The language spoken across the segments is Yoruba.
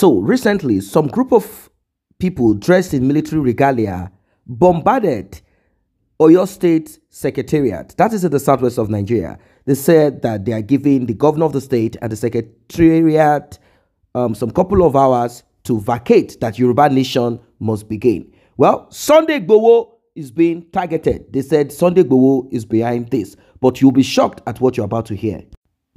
So recently, some group of people dressed in military regalia bombarded Oyo State Secretariat. That is in the southwest of Nigeria. They said that they are giving the governor of the state and the secretariat um, some couple of hours to vacate that Yoruba nation must begin. Well, Sunday Gbowo is being targeted. They said Sunday Gbowo is behind this, but you'll be shocked at what you're about to hear.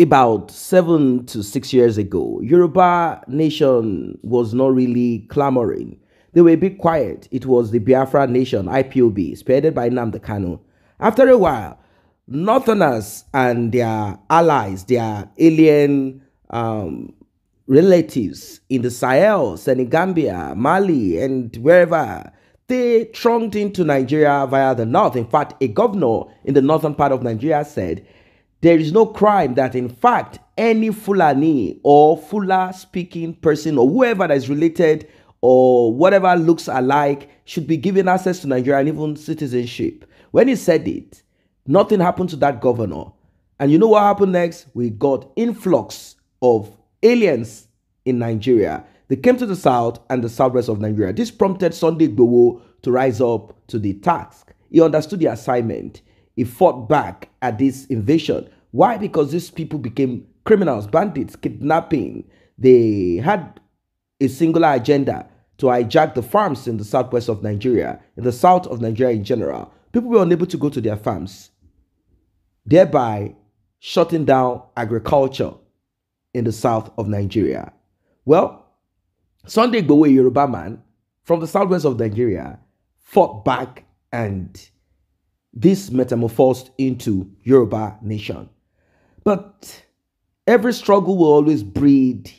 About seven to six years ago, Yoruba nation was not really clamoring. They were a bit quiet. It was the Biafra nation, IPOB, spearheaded by the Kanu. After a while, Northerners and their allies, their alien um, relatives in the Sahel, Senegambia, Mali, and wherever, they thronged into Nigeria via the north. In fact, a governor in the northern part of Nigeria said there is no crime that, in fact, any Fulani or Fula speaking person or whoever that is related or whatever looks alike should be given access to Nigeria and even citizenship. When he said it, nothing happened to that governor. And you know what happened next? We got influx of aliens in Nigeria. They came to the south and the southwest of Nigeria. This prompted Sunday Gbowo to rise up to the task. He understood the assignment. He fought back at this invasion. Why? Because these people became criminals, bandits, kidnapping. They had a singular agenda to hijack the farms in the southwest of Nigeria, in the south of Nigeria in general. People were unable to go to their farms, thereby shutting down agriculture in the south of Nigeria. Well, Sunday Gowe, Yoruba man from the southwest of Nigeria, fought back and this metamorphosed into Yoruba nation. But every struggle will always breed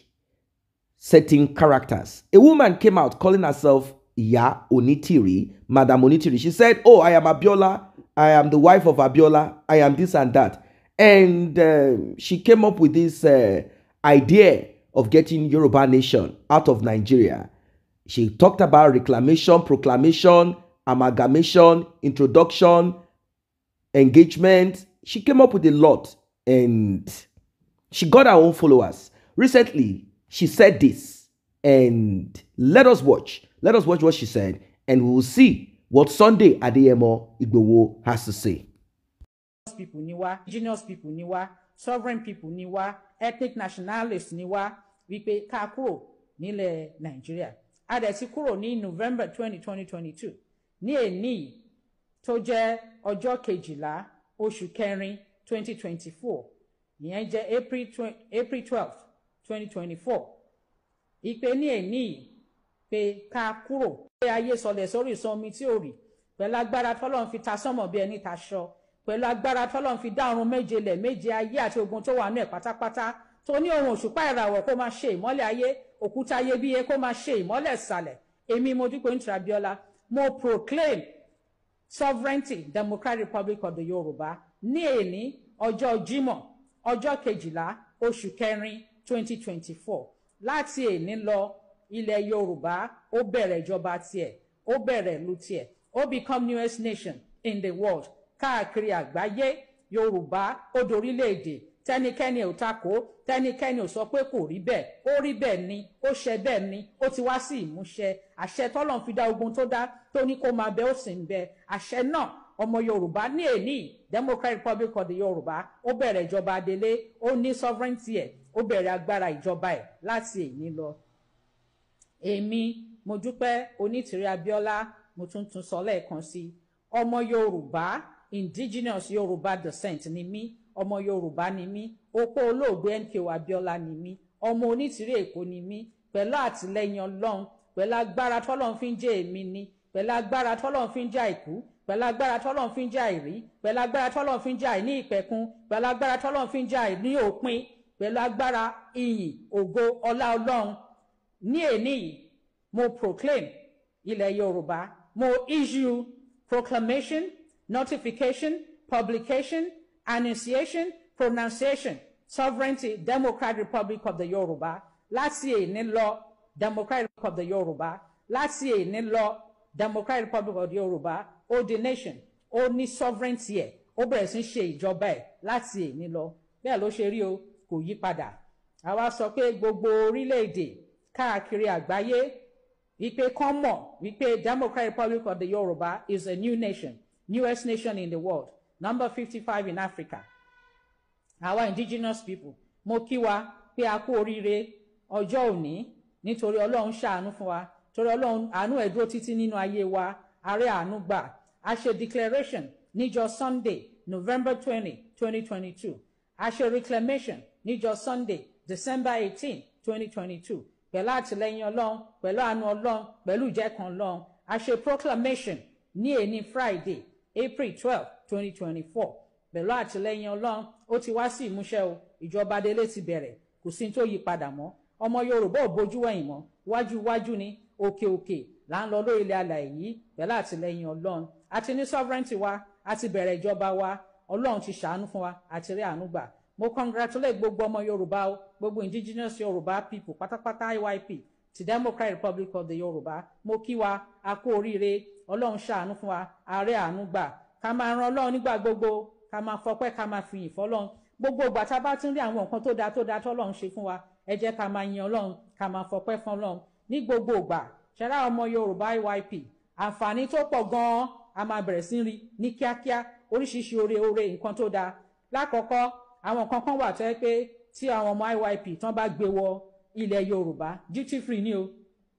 certain characters. A woman came out calling herself Ya Onitiri, Madam Onitiri. She said, Oh, I am Abiola. I am the wife of Abiola. I am this and that. And uh, she came up with this uh, idea of getting Yoruba nation out of Nigeria. She talked about reclamation, proclamation, amalgamation, introduction, engagement. She came up with a lot and she got her own followers. Recently, she said this, and let us watch. Let us watch what she said, and we will see what Sunday Adeyemo Igbowo has to say. People ni genius people ni sovereign people ni ethnic nationalists ni wa, wípé ká kúrò nílẹ̀ Nàìjíríà. A dẹ̀ ti November twenty twenty twenty two ní èní tó jẹ́ ọjọ́ kejìlá oṣù kẹrin twenty twenty four ìyẹn jẹ́ April twelve twenty twenty four ìpè ní èní yìí pé ká kúrò pé ayé sọlẹ̀ sórí ìsan omi tí ò rì pẹ̀lú agbára tọ́lọ́run fi ta sánmọ̀ bí ẹni ta aṣọ pẹ̀lú agbára tọ́lọ́run fi dá ọ̀run méje lẹ̀ méje ayé àti ogun tó wà nú pátápátá tó ní ohun òṣùpá ìràwọ̀ kó máa ṣe ìmọ́lẹ̀ ayé òkúta ayébíyé kó máa ṣe ìmọ́lẹ̀ ìsàlẹ̀ èmi mo dúpẹ́ ní Abíọ́lá mo proclaim sovereignty democratic republic of the Yoruba, ní èní ọjọ́ jímọ̀ ọjọ́ kejìlá oṣù kẹrin twenty twenty four láti èní lọ ilẹ̀ yorùbá ó bẹ̀rẹ̀ ìjọba tiẹ̀ ó bẹ̀rẹ̀ ìlú tiẹ̀ ó become newest nation in the world káàkiri àgbáyé yorùbá ó dorílẹ̀-èdè tẹnikẹ́ni ò takò tẹnikẹ́ni ò sọ pé kò rí bẹ́ẹ̀ ó rí bẹ́ẹ̀ ni ó ṣe bẹ́ẹ̀ ni ó ti wá sí ìmúṣẹ àṣẹ tọ́lọ́n fi dá ogun tó dá tó ní kó máa bẹ ó sì ń bẹ àṣẹ náà ọmọ yorùbá ní èní democratic republic of the yorùbá ó bẹ̀rẹ̀ ìjọba adelé ó ní sovereignty ẹ̀ ó bẹ̀rẹ̀ agbára ìjọba ẹ̀ láti èní lọ. èmi mo dúpẹ́ onítìrí abíọ́lá mo tún tún sọ lẹ́ẹ̀kan sí ọmọ yorùbá indigenous yorùbá descent ni mí ọmọ yorùbá ni mí opó olóògbé nko abiola ni mí ọmọ onítìrí èkó ni mí pẹ̀lú àtìlẹ́yìn ọlọ́run pẹ̀lú agbára tọ́lọ́run fi ń jẹ́ èmi ni pẹ̀lú agbára tọ́lọ́run fi ń jẹ́ àìkú pẹ̀lú agbára tọ́lọ́run fi ń jẹ́ àìrí pẹ̀lú agbára tọ́lọ́run fi ń jẹ́ àìní ìpẹ̀kun pẹ̀lú agbára tọ́lọ́run fi ń jẹ́ àìní òpin pẹ̀lú agbára ìyìn ògo ọlá ọlọ́run ní èní yìí mo proclaim ilẹ̀ yorùbá mo issue proclamation notification publication annunciation pronunciation sovereignty democratic republic of the yorùbá láti èní lọ democratic republic of the yorùbá láti èní lọ democratic republic of the Yoruba. ó di nation ó ní sovereignty ẹ̀ ó bẹ̀rẹ̀ sí ṣe ìjọba ẹ̀ láti èní lọ bẹ́ẹ̀ ló ṣe rí o kò yí padà àwa sọ pé gbogbo orílẹ̀-èdè káàkiri àgbáyé wípé kán wípé democratic republic of the Yoruba is a new nation newest nation in the world number fifty five in Africa Our indigenous people mo kí wa pé a kú oríire ọjọ́ òní nítorí ọlọ́run ṣàánú fún wa torí ọlọ́run àánú ẹ̀ dúró títí nínú ayé wa ààrẹ àánú gbà a ṣe declaration níjọ́ Sunday November twenty twenty twenty two a ṣe reclamation níjọ́ Sunday December eighteen twenty twenty two pẹ̀lú àtìlẹ́yìn ọlọ́run pẹ̀lú àánú ọlọ́run pẹ̀lú ìjẹ́kan ọlọ́run a ṣe proclamation ní èní Friday April twelve 2024 pẹ̀lú àtìlẹ́yìn ọlọ́run ó ti wá sí ìmúṣẹ o ìjọba délé ti bẹ̀rẹ̀ kò sí tó yí padà mọ́ ọmọ yorùbá ò bójú wẹ̀yìn mọ́ wájú wájú ni òkè òkè là ń lọ lórí ilẹ̀ alàyè yìí pẹ̀lú àtìlẹ́yìn ọlọ́run a ní sovereignty wa a ti bẹ̀rẹ̀ ìjọba wa ọlọ́run ti ṣàánú fún wa àti rí àánú gbà mo congratulate gbogbo ọmọ yorùbá o gbogbo indigenous yorùbá people pátápátá iyp ti democratic republic of the yorùbá mo kí wa a kú oríire ọlọ́run ṣàánú fún wa ààrẹ àánú gbà ká máa ran ọlọ́run nígbà gbogbo ká máa fọpẹ́ ká máa fi ìfọlọ́run gbogbo ìgbà tá a bá ti ń rí àwọn nǹkan tó dáa tó dáa tọ́lọ́run ṣe fún wa ẹ jẹ́ ká máa yin ọlọ́run ká máa fọpẹ́ fún ọlọ́run ní gbogbo ìgbà ṣẹlá ọmọ yorùbá YYP àǹfààní tó pọ̀ gan-an a máa bẹ̀rẹ̀ sí rí ní kíákíá oríṣiríṣi oore oore nǹkan tó dáa lákọ̀ọ́kọ́ àwọn kan kan wà tó yẹ pé tí àwọn ọmọ YYP tán bá gbé wọ ilẹ̀ yorùbá duty free ni o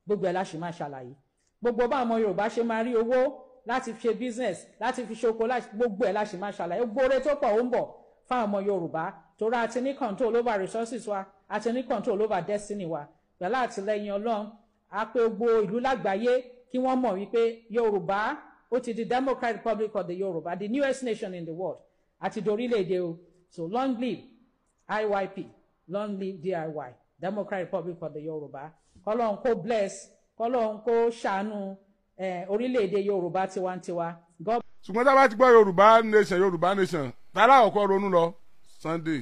gbogbo ẹ̀ la ṣì máa ṣàlàyé gbogbo bá ọmọ yorùbá ṣe máa rí owó láti fi ṣe business láti fi ṣoko gbogbo ẹ̀ láti máa ṣàlàyé gbóore tó pọ̀ ó ń bọ̀ fáwọn ọmọ yorùbá torí a ní control over resources wa a ní control over destiny wa pẹ̀lú àtìlẹyìn ọlọ́run a pé gbogbo ìlú lágbàáyé kí wọ́n mọ̀ wípé yorùbá ó ti di democratic republic of the yorùbá the newest nation in the world àti dorílẹ̀-èdè o so long live iyp long live diy democratic republic of the yorùbá kọ́lọ́n kó bless kọ́lọ́n kó ṣàánú orílẹ̀-èdè yorùbá tiwantiwa. ṣùgbọ́n tá a bá ti gbọ́ yorùbá nation yorùbá nation tààrà ọ̀kọ́ ronú lọ sunday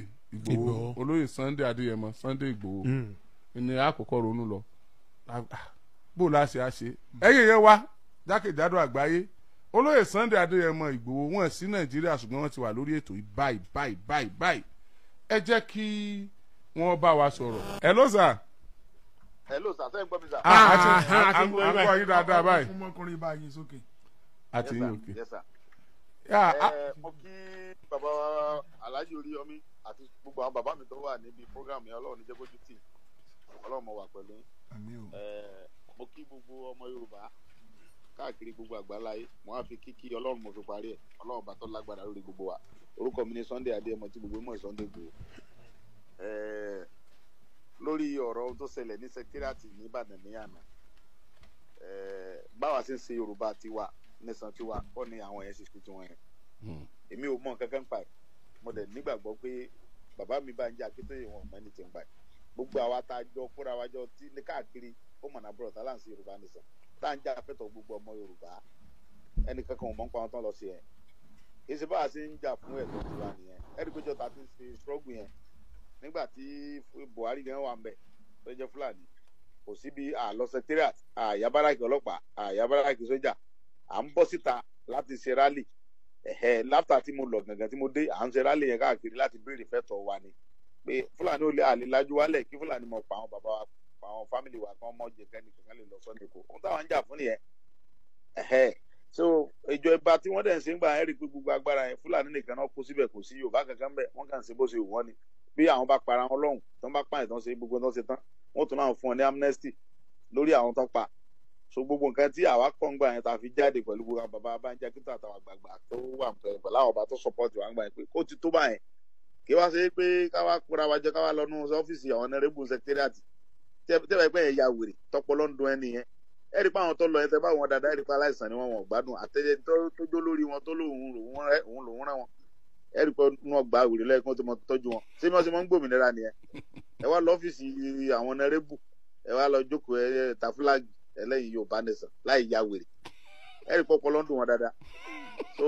ìgbòho olóyè sunday adéyẹmọ sunday ìgbòho hmm. ni àkọ́kọ́ ronú lọ bó la ṣe á ṣe yẹn wá jákèjádò àgbáyé olóyè sunday adéyẹmọ ìgbòho wọn sí nàìjíríà ṣùgbọ́n wọn ti wà lórí ètò báyìí báyìí báyìí báyìí ẹ jẹ́ kí wọ́n bá wa sọ̀rọ̀ ẹ ló sà hello sir sẹ́yìn gbọ́ mi sir. Ah, ah, a ah gbọ́ yín dáadáa báyìí. fún mọ́kùnrin báyìí sókè. a ti yín òkè. Eh, mo kí bàbá aláàjì orí ọmí àti gbogbo àwọn bàbá mi tó wà níbi program yẹn ọlọ́run níjẹ́ kójú tì ọlọ́run mo wà pẹ̀lú yín. Eh, mo kí gbogbo ọmọ yorùbá káàkiri gbogbo àgbáláyé mo á fi kíkí ọlọ́run mo fi parí ẹ̀ ọlọ́run bá tó lágbára lórí gbogbo wa orúkọ mi ni sunday adéyẹmọ tí gbogbo mọ̀ sunday gbòó lórí ọ̀rọ̀ ohun tó ṣẹlẹ̀ ní sẹkírátì ní Ìbàdàn ní àná eh, báwa ṣe ń ṣe Yorùbá tiwa nìsan tiwa kọ́ ni àwọn yẹn ṣe ṣe tiwọn yẹn èmi ò mọ kankan pa ẹ̀ mo dẹ̀ nígbàgbọ́ pé bàbá mi bá ń jẹ́ Akíntóyè wọn mọ́ ẹni tí ń pa ẹ̀ gbogbo àwa tá a jọ kóra wa jọ tí ní káàkiri ó mọ̀nà bọ̀rọ̀ tá là ń ṣe Yorùbá nìsan tá à ń jà fẹ́tọ̀ gbogbo ọmọ Yorùbá ẹnìkan kan ò mọ̀ ń pa wọn tán lọ sí ẹ̀ èsì báwa ṣe ń jà fún ẹ̀tọ́ tiwa nìyẹn ẹ̀rí péjọ ta nígbà tí Buhari gan wà ń bẹ tó jẹ́ Fúlàní kò síbi àlọ secretariat àyàbáràkì ọlọ́pàá àyàbáràkì sójà à ń bọ́ síta láti ṣe rálì ẹ̀hẹ́ láfta tí mo lọ gangan tí mo dé à ń ṣe rálì yẹn káàkiri láti béèrè fẹ́tọ̀ wa ni pé Fúlàní ò lè àlè kí Fúlàní mọ̀ pa àwọn bàbá wa pa àwọn fámìlì wa kan mọ̀ jẹ kẹ́ni kankan lè lọ sọ́ni kò ohun táwọn ń jà fún nìyẹn ẹ̀hẹ́ so ìjọ ìba tí wọ́n dẹ̀ ń ṣe ń gbà ẹ́ rí pé gbogbo agbára yẹn Fúlàní nìkan náà kó síbẹ̀ kò sí Yorùbá kankan bẹ́ẹ̀ wọ́n kàn ń ṣe bó ṣe wù wọ́n ni bí àwọn bá para wọn lọ́hùn tó ń bá pààyàn tó ń ṣe gbogbo tó ń ṣe tán wọ́n tún náà fún ọ ní amnesty lórí àwọn tó pa so gbogbo nǹkan tí àwa kọ́ngbà yẹn ta fi jáde pẹ̀lú gbogbo bàbá abájá kí tó àtàwọn àgbààgbà tó wà pẹ̀lú àwọn ọba tó support wa ń gbà yẹn pé kó ti tó báyẹn kí wá ṣe é pé káwá kóra wájọ káwá lọ nú ọ́fíìsì àwọn honorable secretariat tẹ́lẹ̀ pé ẹ̀yà wèrè tọpọ lọ́ndún ẹni yẹn ẹ rí i pé àwọn tó lọ yẹn tẹ́ bá wọn dáadáa ẹ rí i pé aláìsàn ni wọn wọn gbádùn àtẹ̀jẹ́ tó jó lórí wọn tó lóhùn lòún ẹ rí pé inú ọgbà àwèrè lẹ́yìn kí wọ́n tó mọ tọ́jú wọn ṣé bí wọ́n ṣe máa ń gbòmìnira nìyẹn ẹ wá lọ́fíìsì àwọn nẹ́rẹ́bù ẹ wá lọ jókòó ẹ ta fúlàgì ẹlẹ́yìn Yorùbá nìsan láì ya wèrè ẹ rí pé ọpọlọ ń dùn wọn dáadáa so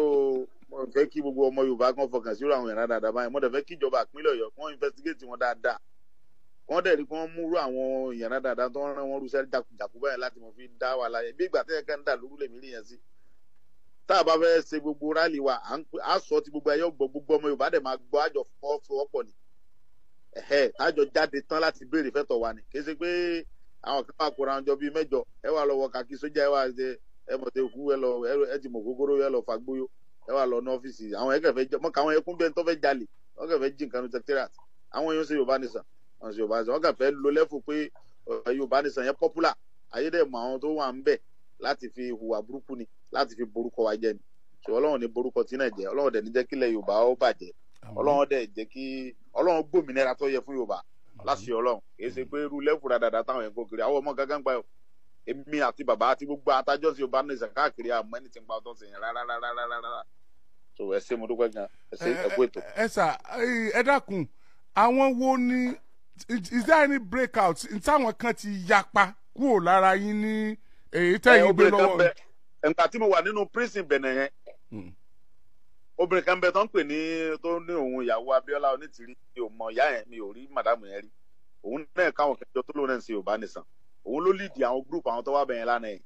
mo fẹ́ kí gbogbo ọmọ Yorùbá kan fọkàn sí irú àwọn ìran dáadáa báyìí mo dẹ̀ fẹ́ kí ìjọba àpínlẹ̀ Ọ̀yọ́ kí wọ́n investigate wọn dáadáa wọ́n dẹ̀ rí kí wọ́n múrú àwọn ìran dáadáa tó ń rán wọn rúṣẹ́ jákujàku báyìí láti mọ̀ fi dá wàhálà yẹn bí ìgbà tẹ́yẹ kan dà lórí lèmi rí yẹn sí tá a bá fẹ́ ṣe gbogbo rálì wa à ń sọ ti gbogbo ayé ọgbọ gbogbo ọmọ yorùbá dẹ̀ máa gbọ́ àjọ fọwọ́pọ̀ ni tájọ jáde tán láti béèrè fẹ́tọ̀ wa ni kì í ṣe pé àwọn kan máa kóra ọjọ́ bíi mẹ́jọ ẹ wà lọ wọ kàkí sójà ẹ wà ṣe ẹ mọ̀ tẹ kú ẹ lọ ẹ ti mọ̀ gógóró ẹ lọ fàgbóyó ẹ wà lọ ní ọ́fíìsì àwọn ẹ kẹfẹ́ jẹ mọ́ka àwọn ẹkún bẹ́ẹ̀ tó fẹ́ jalè wọ́n kẹfẹ́ jí nǹkan tẹ̀tẹ̀rẹ̀ àwọn èèyàn ṣe yorùbá nìsàn wọ́n ṣe yorùbá nìsàn wọ́n kẹfẹ́ lo lẹ́fù pé yorùbá nìsàn yẹn pọ́pùlà ayédèmọ̀ àwọn tó wà ń bẹ̀ láti fi hùwà burúkú ni láti fi borúkọ wa jẹ ni ṣé ọlọ́run ní borúkọ tí náà jẹ ọlọ́run dẹ̀ ní jẹ́ kílẹ̀ yorùbá ó bàjẹ́ ọlọ́run dẹ̀ jẹ́ kí ọlọ́run gbòmìnira tó yẹ fún yorùbá láti ọlọ́run kì í ṣe pé irú lẹ́fù dáadáa táwọn ẹ̀kọ́ kiri àwọn ọmọ gángan gba èmi àti bàbá àti gbogbo atájọ́ sí yorùbá nìṣẹ́ káàkiri àmọ́ ẹni tí ń pa ọtọ́ sí yẹn rárá so ẹ ṣe mo dúpẹ́ gan ẹ ni is there any breakout táwọn kan ti yapa kúrò lára èyí tẹ́yìn gbé lọ́wọ́ nǹkan tí mo wà nínú prison bẹ̀nẹ̀ yẹn hmm. obìnrin kan bẹ tó ń pè ní tó ní òun ìyàwó Abíọ́lá Onítìrí mi ò mọ ìyá yẹn mi ò rí màdàmù yẹn rí òun náà káwọn kẹjọ tó lóun náà ń ṣe Yorùbá nìsan òun ló lead àwọn group àwọn tó wà bẹ̀yẹn lánàá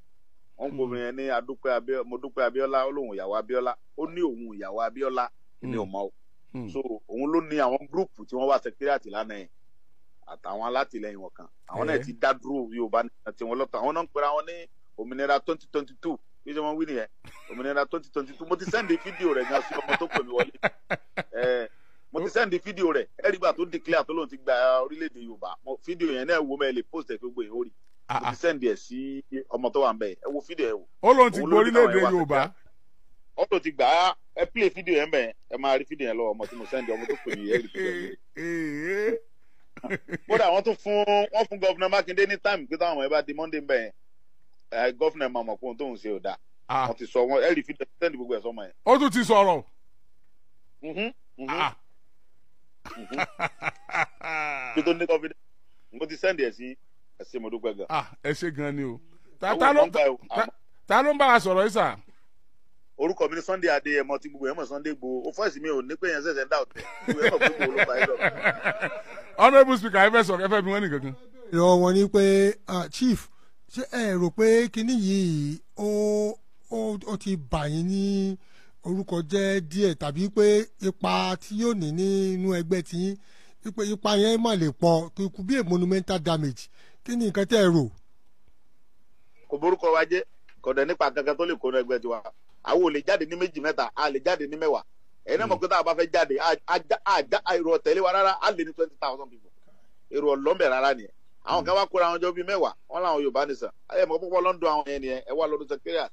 hmm. yẹn wọn kò bẹ̀yẹn ní adúpẹ́ mo dúpẹ́ Abíọ́lá ó lóun ìyàwó Abíọ́lá ó ní òun ìyàwó Abíọ́lá mi ò hmm. mọ o so òun ló ní àwọn group tí wọ́n wà sẹkírìàtì lánàá yẹn àtàwọn alátìlẹyìn wọn àwọn náà eh. ti dá dúró Yorùbá nìsan tí wọ́n àwọn náà ń pera wọn ní òmìnira twenty twenty two bí ṣe wọ́n wí nìyẹn òmìnira twenty twenty two mo ti sẹ́ndì fídíò rẹ̀ ní aṣọ tó pè mí wọlé mo ti sẹ́ndì fídíò rẹ̀ ẹ̀rígbà tó declare tó lóun ti gba orílẹ̀-èdè yorùbá fídíò yẹn náà wo mẹ́ẹ̀ lè post ẹ̀ gbogbo ìhó rí ah, mo ti ah. sẹ́ndì ẹ̀ sí ọmọ tó wà ń bẹ̀ ẹ wo fídíò ẹ wò. ó lóun ti gba orílẹ̀-èdè yorùbá. ó lóun ti gbà ẹ play fídíò yẹn bẹ̀ ẹ máa rí fídíò yẹn lọ ọmọ tí mo sẹ́ndì ọmọ tó pè mí ẹ̀rí fídíò yẹn. Eh, eh, eh. kódà wọ́n tún fún wọ́n fún gọ́vùnà Gọvanọ mama kó tó ń ṣe o dáa ah. wọ́n ti sọ wọ́n ẹ̀rí fi sẹ́ni gbogbo ẹ̀ sọ́mọ yẹn. ó tún ti sọ̀rọ̀. Mm-hmm, mm-hmm. Ah. Mm-hmm. kí tó ní mo ti sẹ́ndì ẹ̀ sí ẹ̀ Ha, gan. Ah, gan ni o ta ló ń bá a sọ̀rọ̀ yìí sà. orúkọ mi ni Sunday Adéyẹmọ tí gbogbo yẹn Sunday Igboho o fọ́ọ̀sì mi ò ní pé yẹn ṣẹ̀ṣẹ̀ ń dà ọ̀tẹ̀ honourable speaker ẹ fẹ́ sọ̀rọ̀ ẹ fẹ́ bí wọ́n nìkan yọ wọn ni pé chief ṣé ẹ rò pé kinní yìí ó ó ó ti bà yín ní orúkọ jẹ́ díẹ̀ tàbí pé ipa tí yóò ní nínú ẹgbẹ́ tí ipa ipa yẹn má lè pọ̀ kí kú bí a monumental damage kí ni nǹkan tẹ́ ẹ rò. kò borúkọ wa jẹ́ kò dẹ̀ nípa kankan tó lè kó ẹgbẹ́ tiwa àwọn ò lè jáde ní méjì mẹ́ta a lè jáde ní mẹ́wàá ẹ̀yin náà mọ̀ hmm. pé tá a bá fẹ́ jáde àjà èrò ọ̀tẹ̀lé wa rárá a lè ní twenty thousand people èrò ọ̀lọ́mẹ̀ rárá nìyẹn àwọn kan wá kóra àwọn jọ bíi mẹ́wàá wọn làwọn yorùbá nìsà ayé mọ̀ púpọ̀ lọ́ndọ̀ àwọn yẹn nìyẹn ẹ wá lọ́dún secretariat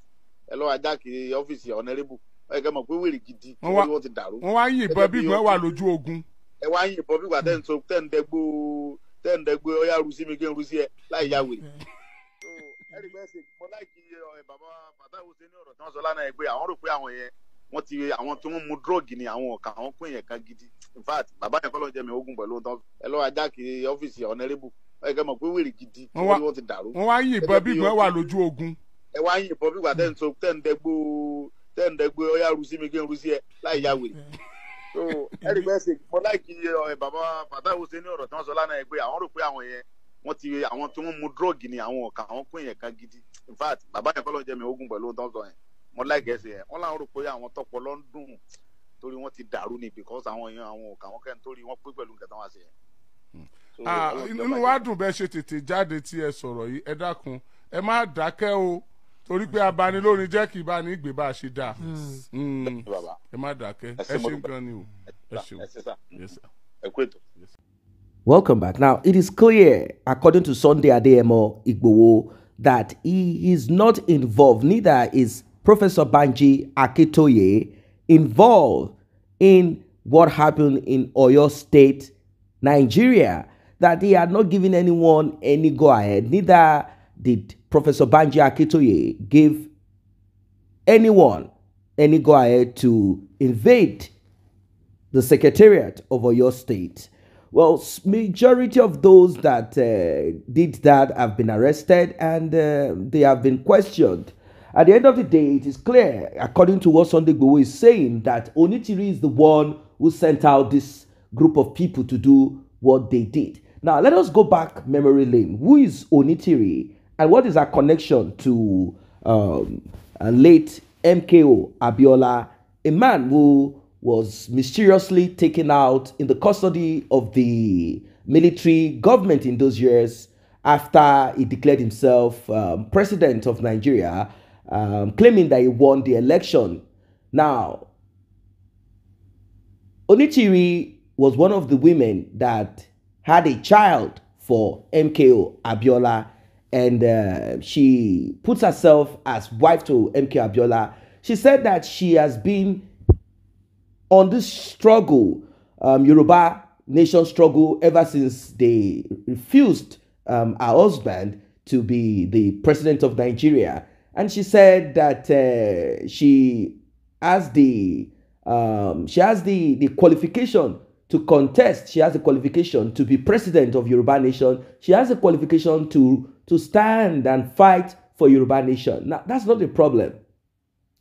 ẹ lọ́wọ́ ajá kiri ọ́fíìsì ọ̀nẹ́rẹ́bù ẹ kẹ́ mọ̀ pé wèrè gidi kí wọ́n ti dàrú. wọ́n wá yìnbọn bí ìgbọ́n wà lójú ogun. ẹ wá yìnbọn bí ìgbà tẹ́ ń so tẹ́ ń ọyá rusi mi kí rusi ẹ láì yá wèrè. ẹ̀rí bẹ́ẹ̀ ṣe mo láìkí eh, bàbá fàtàwọ̀ ṣe ní ọ̀rọ̀ tí wọ́n sọ lánàá yẹn pé àwọn rò ti àwọn tí wọ́n mu drug ni àwọn ọ̀kan àwọn pín yẹn kan gidi in fact bàbá yẹn kọ́ ló jẹ́ mi ogun pẹ̀lú ọ̀tọ́ ẹ lọ́wọ́ ajá kiri ọ́fíìsì ọ̀nẹ́rẹ́bù ẹgbẹ́ mọ̀ pé wèrè gidi tí wọ́n ti dàrú. wọ́n wá yìnbọn bí ìbọn wà lójú ogun. ẹ wá yìnbọn bí ìgbà tẹ́ ń so tẹ́ ń dẹ́gbó tẹ́ ń dẹ́gbó ọyá rusi mi kí n rusi ẹ láì ya wèrè. so ẹ̀rí bẹ́ẹ̀ ṣe mo láìkí eh, bàbá Fatai Hussein ní ọ̀rọ̀ tí wọ́n sọ lánàá yẹn pé àwọn rò pé àwọn yẹn wọ́n ti àwọn tí wọ́n mu dúrọ́ọ̀gì ni àwọn ọ̀ka àwọn pín yẹn kan gidi in fact bàbá yẹn kọ́lọ́ jẹ́ mi ogun pẹ̀lú ọ̀tọ́ sọ yẹn mo láìkí ẹsẹ̀ yẹn wọ́n láwọn rò pé àwọn tọpọ lọ́ndún torí wọ́n ti dàrú ni because àwọn yẹn àwọn ọ̀ka àwọn kẹ́ni torí wọ́n pín pẹ̀lú nǹkan táwọn àṣẹ yẹn Ah, inú wa dùn bẹ́ẹ̀ ṣe tètè jáde tí ẹ sọ̀rọ̀ yìí ẹ dákun ẹ má dákẹ́ o torí pé abanilórin jẹ́ kí ìbá ní ìgbé bá a ṣe dáa hmm. ẹ má dákẹ́ ẹ ṣe gan ni o ẹ ṣeun. Welcome back. Now, it is clear, according to Sunday Adeyemo Igbowo, that he is not involved, neither is Professor Banji Akitoye involved in what happened in Oyo State, Nigeria. that he had not given anyone any go ahead, neither did Professor Banji Akitoye give anyone any go ahead to invade the secretariat over your state. Well, majority of those that uh, did that have been arrested and uh, they have been questioned. At the end of the day, it is clear, according to what Sunday Gbowo is saying, that Onitiri is the one who sent out this group of people to do what they did. Now, let us go back memory lane. Who is Onitiri and what is her connection to um, late MKO Abiola, a man who was mysteriously taken out in the custody of the military government in those years after he declared himself um, president of Nigeria, um, claiming that he won the election. Now, Onitiri was one of the women that had a child for MKO Abiola, and uh, she puts herself as wife to MK Abiola. She said that she has been on this struggle, um, Yoruba nation struggle, ever since they refused um, her husband to be the president of Nigeria. And she said that uh, she has the um, she has the, the qualification to contest. She has a qualification to be president of Yoruba Nation. She has a qualification to, to stand and fight for Yoruba Nation. Now, that's not a problem.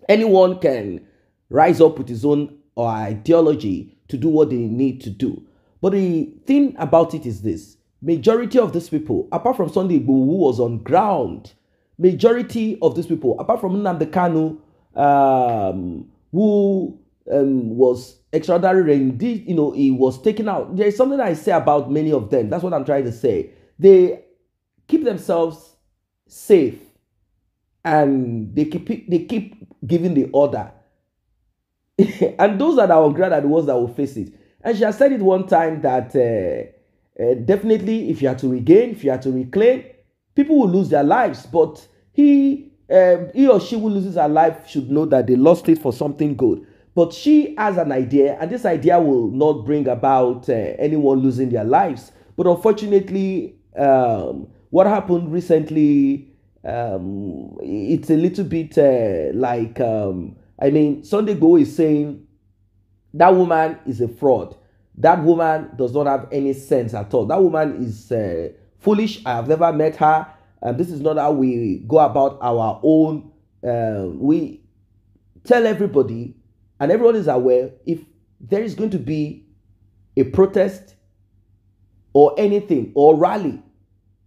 Anyone can rise up with his own or ideology to do what they need to do. But the thing about it is this majority of these people, apart from Sunday Igbo, who was on ground, majority of these people, apart from Nnamdi Kanu, um, who um, was extraordinary. Indeed, you know, he was taken out. There is something I say about many of them. That's what I'm trying to say. They keep themselves safe, and they keep they keep giving the order. and those that are on ground are the ones that will face it. And she has said it one time that uh, uh, definitely, if you are to regain, if you are to reclaim, people will lose their lives. But he um, he or she who loses her life should know that they lost it for something good. But she has an idea, and this idea will not bring about uh, anyone losing their lives. But unfortunately, um, what happened recently, um, it's a little bit uh, like, um, I mean, Sunday Go is saying that woman is a fraud. That woman does not have any sense at all. That woman is uh, foolish. I have never met her. And this is not how we go about our own. Um, we tell everybody and everyone is aware if there is going to be a protest or anything or rally,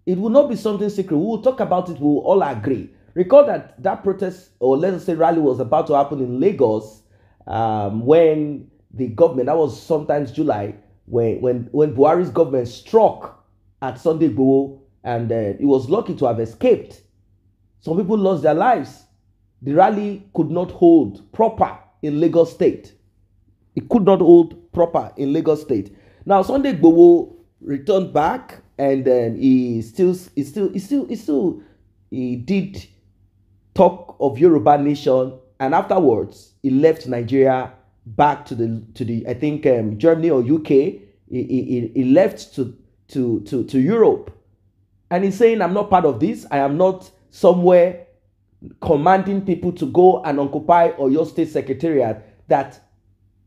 it will not be something secret. We will talk about it. We will all agree. Recall that that protest or let us say rally was about to happen in Lagos um, when the government, that was sometimes July, when, when, when Buhari's government struck at Sunday Bowl and uh, he was lucky to have escaped. Some people lost their lives. The rally could not hold proper in Lagos State. It could not hold proper in Lagos State. Now Sunday Gbowo returned back and then he still he still he still he still he did talk of Yoruba nation and afterwards he left Nigeria back to the to the I think um, Germany or UK he, he, he left to, to to to Europe and he's saying I'm not part of this I am not somewhere commanding people to go and occupy Oyo State Secretariat that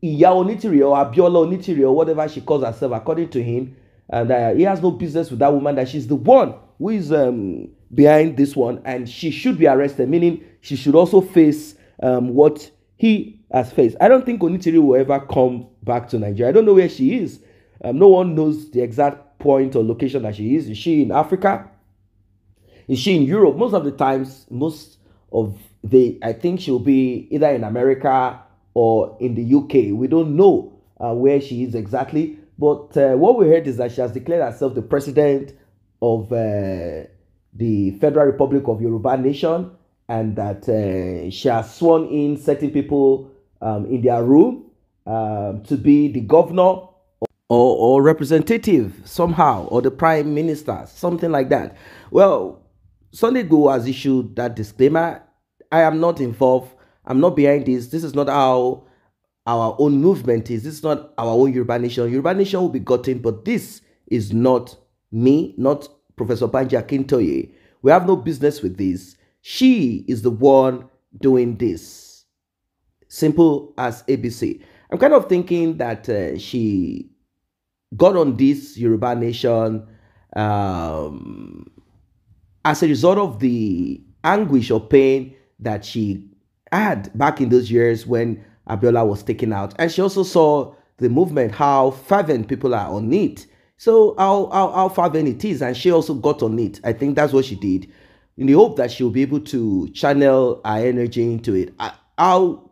Iya Onitiri or Abiola Onitiri or whatever she calls herself, according to him, and uh, he has no business with that woman, that she's the one who is um, behind this one and she should be arrested, meaning she should also face um, what he has faced. I don't think Onitiri will ever come back to Nigeria. I don't know where she is. Um, no one knows the exact point or location that she is. Is she in Africa? Is she in Europe? Most of the times, most of the I think she'll be either in America or in the UK. We don't know uh, where she is exactly, but uh, what we heard is that she has declared herself the president of uh, the Federal Republic of Yoruba Nation, and that uh, she has sworn in certain people um, in their room um, to be the governor. Or, or representative somehow, or the prime minister, something like that. Well, Sunday Go has issued that disclaimer. I am not involved. I'm not behind this. This is not how our own movement is. This is not our own Yoruba Nation. Yoruba Nation will be gotten, but this is not me, not Professor Banja Kintoye. We have no business with this. She is the one doing this. Simple as ABC. I'm kind of thinking that uh, she got on this Yoruba Nation um, as a result of the anguish or pain that she had back in those years when Abiola was taken out. And she also saw the movement, how fervent people are on it. So how, how, how fervent it is. And she also got on it. I think that's what she did in the hope that she'll be able to channel her energy into it. Uh, how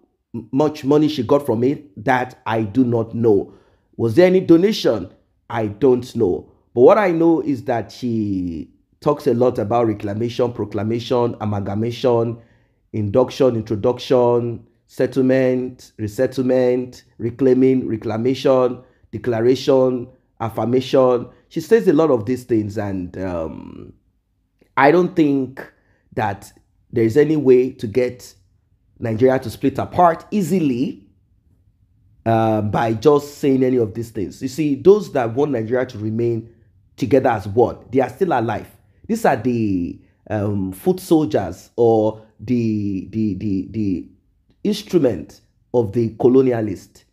much money she got from it, that I do not know. Was there any donation? I don't know. But what I know is that she talks a lot about reclamation, proclamation, amalgamation, induction, introduction, settlement, resettlement, reclaiming, reclamation, declaration, affirmation. She says a lot of these things, and um, I don't think that there is any way to get Nigeria to split apart easily uh, by just saying any of these things. You see, those that want Nigeria to remain together as one, they are still alive. These are the um, foot soldiers or the, the, the, the instrument of the colonialist.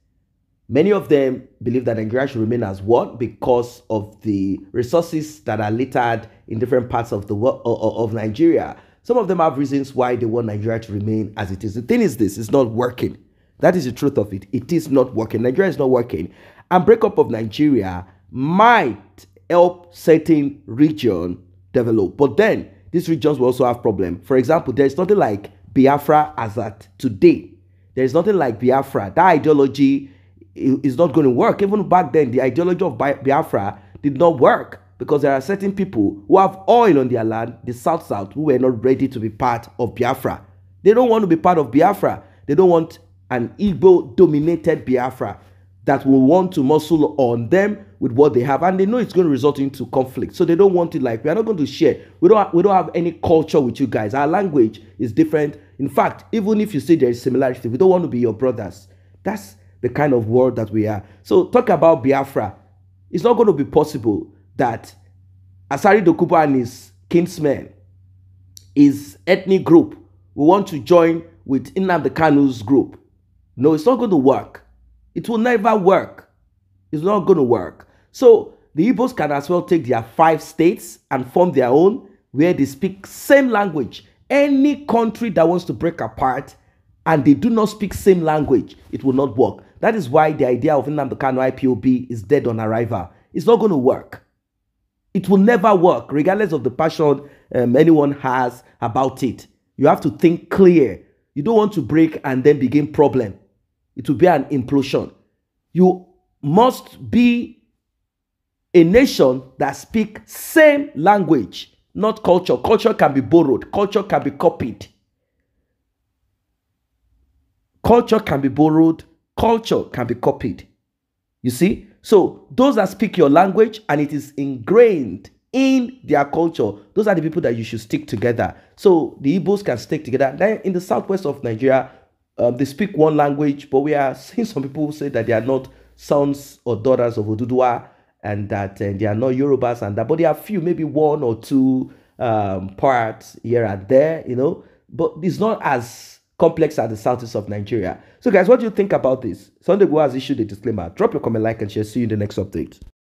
Many of them believe that Nigeria should remain as one because of the resources that are littered in different parts of the world, of Nigeria. Some of them have reasons why they want Nigeria to remain as it is. The thing is this, it's not working. That is the truth of it. It is not working. Nigeria is not working. And breakup of Nigeria might help certain region develop. But then these regions will also have problems. For example, there is nothing like Biafra as at today. There is nothing like Biafra. That ideology is not going to work. Even back then, the ideology of Biafra did not work because there are certain people who have oil on their land, the South South, who were not ready to be part of Biafra. They don't want to be part of Biafra. They don't want an Igbo dominated Biafra that will want to muscle on them with what they have and they know it's going to result into conflict so they don't want it like we are not going to share we don't we don't have any culture with you guys our language is different in fact even if you say there is similarity we don't want to be your brothers that's the kind of world that we are so talk about biafra it's not going to be possible that asari dokuba and his kinsmen his ethnic group we want to join with Inam the Kanu's group no it's not going to work it will never work. It's not going to work. So the Igbos can as well take their five states and form their own where they speak same language. Any country that wants to break apart and they do not speak same language, it will not work. That is why the idea of Nnamdi Kano IPOB is dead on arrival. It's not going to work. It will never work, regardless of the passion um, anyone has about it. You have to think clear. You don't want to break and then begin problem it will be an implosion. You must be a nation that speak same language, not culture. Culture can be borrowed. Culture can be copied. Culture can be borrowed. Culture can be copied. You see? So those that speak your language and it is ingrained in their culture, those are the people that you should stick together. So the Igbos can stick together. Then in the southwest of Nigeria, um, they speak one language, but we are seeing some people say that they are not sons or daughters of Odudua and that uh, they are not Yorubas and that, but there are few, maybe one or two um, parts here and there, you know, but it's not as complex as the southeast of Nigeria. So, guys, what do you think about this? Sunday Go has issued a disclaimer. Drop your comment, like, and share. See you in the next update.